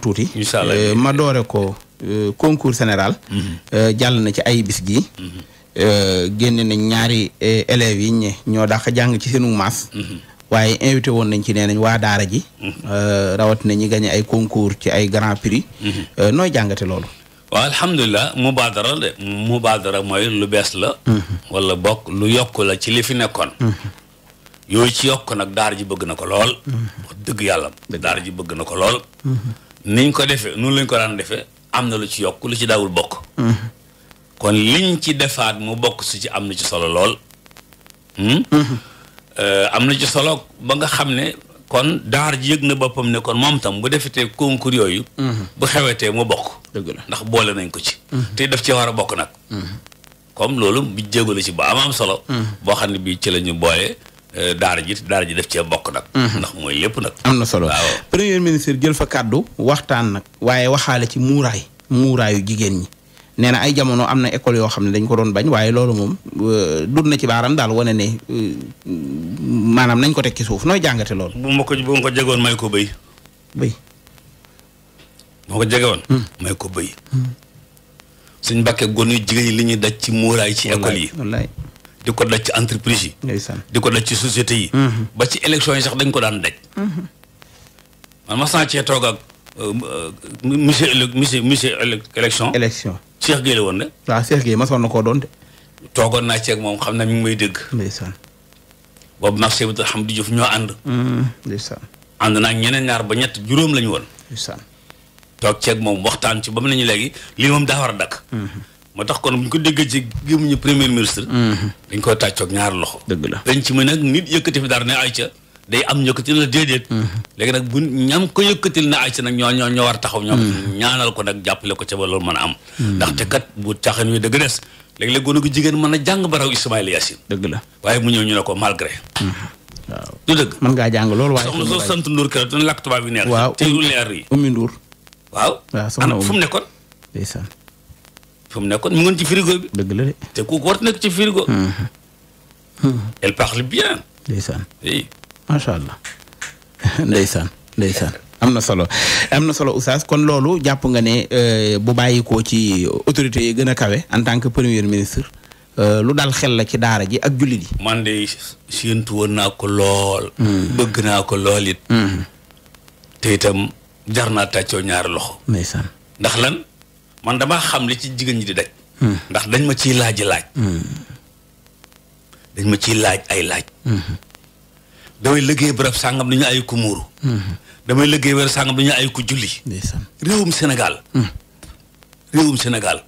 kanam tuuti. incha allah euh, ma doore ko euh, concours général. Mhm. Euh, jàll na ci ay bis gi. Mhm. génne nañ ñaari élèves yi ñu ñoo dàq jàng ci seenu maas. Mhm. waaye invité woon nañ ci nee nañ waa daara ji. rawat na ñi gagné ay concours ci ay grand prix. nooy jàngate loolu. waaw alhamdulilah mubaadara de mubaadara mooy lu bees la. wala bokk lu yokk la ci li fi nekkoon. ci yokk nag daara ji bëgg na ko lool. dëgg daara ji bëgg na ko lool. niñ ko defee noonu lañ ko daan defee am na lu ci yokk lu ci daawul bokk. kon liñ ci defaat mu bokk su ci am na ci solo lool. Hmm? Euh, am na ci solo ba nga xam ne kon daar ji yëg na boppam ne kon moom tam bu defetee concours yooyu. bu xewetee mu bokk. la ndax boole nañ ko ci. te daf ci war a bokk nag. Hmm. comme loolu bi jéego la ci ba am am solo. Hmm. boo xam ne bii ci la ñu boole Euh, daara ji daara ji def cee bokk nag. Mhm. ndax mooy lépp nag. am na solo premier ministre jël fa kàddu waxtaan nag waaye waxaale ci muuraay muuraayu jigéen ñi. nee na ay jamono am na école yoo xam ne dañ ko doon bañ waaye loolu moom euh, dut na ci baaram daal wane ne euh, maanaam nañ ko teg ci suuf nooy jàngate loolu. bu ma ko bu ma ko jegoon may ko bëy. bëy. bu ma hmm. may ko bëy. Hmm. suñ mbàkkee gonu jigéen ñi li ñuy daj ci muuraay ci école yi. di ko daj ci entreprise yi. di ko daj ci société yi. Mm-hmm. ba ci élection yi sax dañ ko daan daj. Mm-hmm. man ma sant cee toog ak euh, euh, monsieur élec monsieur monsieur élection. élection Cheikh Gueye la woon de. waaw Cheikh Gueye ma sonn koo doon de. toogoon naa ceeg moom xam na mi ngi may dégg. ndeysaan. boobu marché xam di Diouf ñoo ànd. Mm-hmm. ndeysaan. ànd naa ñeneen ñaar ba ñett juróom lañu woon. ndeysaan. toog ceeg moom waxtaan ci ba mu ne ñu léegi lii moom daa war a dakk moo tax kon bu ñu ko déggee ci gémmiñu premier ministre. Mm-hmm. dañ koy tàccook ñaar loxo. dëgg la dañ ci mën nag nit yëkkati fi dara ne ay ca day am yëkkati la déedéet. Mm-hmm. léegi nag bu ñam ko yëkkatil na ay ca nag ñoo ñoo ñoo war taxaw. ñoom mm-hmm. ñaanal ko nag jàppale ko ca ba loolu a am. ndaxte kat bu caaxaan wi dëgg des léeg-léeg gone gu jigéen mën a jàng baraw Ismaïl Yacine. dëgg la waaye mu ñëw ñu ne ko malgré. waaw dëgg. mën ngaa jàng loolu waaye. soxna soo sant Ndour keroog dina làkk tubaab yi neex. waaw te leer yi. Oumy Ndour. waaw. waaw soxna Oumy ana mu nekkoon. ndeysaan fu mu nekkoon mu ngoon ci frigo bi. dëgg la de. te kooku war nekk ci frigo. Hmm. Hmm. elle parle bien. ndeysaan oui. allah ndeysaan ndeysaan. am na solo am na solo Oustaz kon loolu jàpp nga ne euh, bu bàyyikoo ci autorités yi gën a kawe en tant que premier ministre euh, lu daal xel la ci daara ji ak jullit yi. man de séentu woon naa ko lool. Hmm. bëgg naa ko lool it. te itam jar naa tàccoo ñaari loxo. ndax lan. man damaa xam li ci jigéen ñi di daj. Hmm. ndax dañ ma ciy laaji laaj. Hmm. dañ ma ciy laaj ay laaj. Hmm. damay liggéey bërëb sàngam du ñu ay ku muuru. damay liggéey weer sàngam du ñu ay ku julli. réewum Sénégal. réewum Sénégal.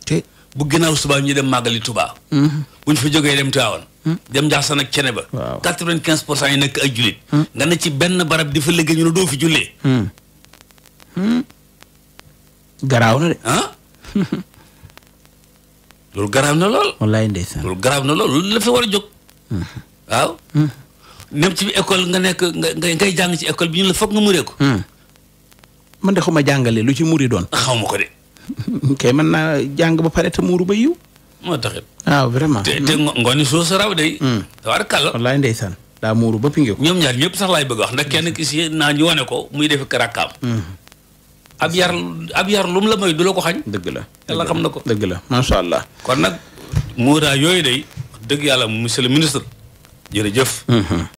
bu ginnaaw subaa ñu dem màggali Touba. bu ñu fa jógee dem Tivaouane. dem Ndiassane ak cene ba. waaw quatre-vingt-quinze pour cent yi nekk ay jullit. nga ne ci benn barab di fa liggéey ñu ne doo fi jullee. loolu garaaw na lool. wallaay ndeysaan loolu garab na lool loolu la fi war a jóg. Hmm. waaw. même ci école nga nekk nga ngay jàng ci ecole bi ñu la foog nga muree ko. Hmm. man de ma jàngale lu ci muri doon. xaw ma ko mën naa jàng ba pare te muru ba yiw. moo taxit. waaw ah, vraiment. te te hmm. ngooni soo sa raw de. war kàlla. wallaay ndeysaan daa muuru ba pinge ko. ñoom ñaar ñëpp sax laay bëgg wax ndax kenn ki si naa ñu wane ko muy def karakaam. ab yar ab yar lum la may du la ko xañ. dëgg la yàlla xam na ko dëgg la macha allah. kon nag muuraay yooyu day dëgg yàlla monsieur le ministre jërëjëf. Mm-hmm.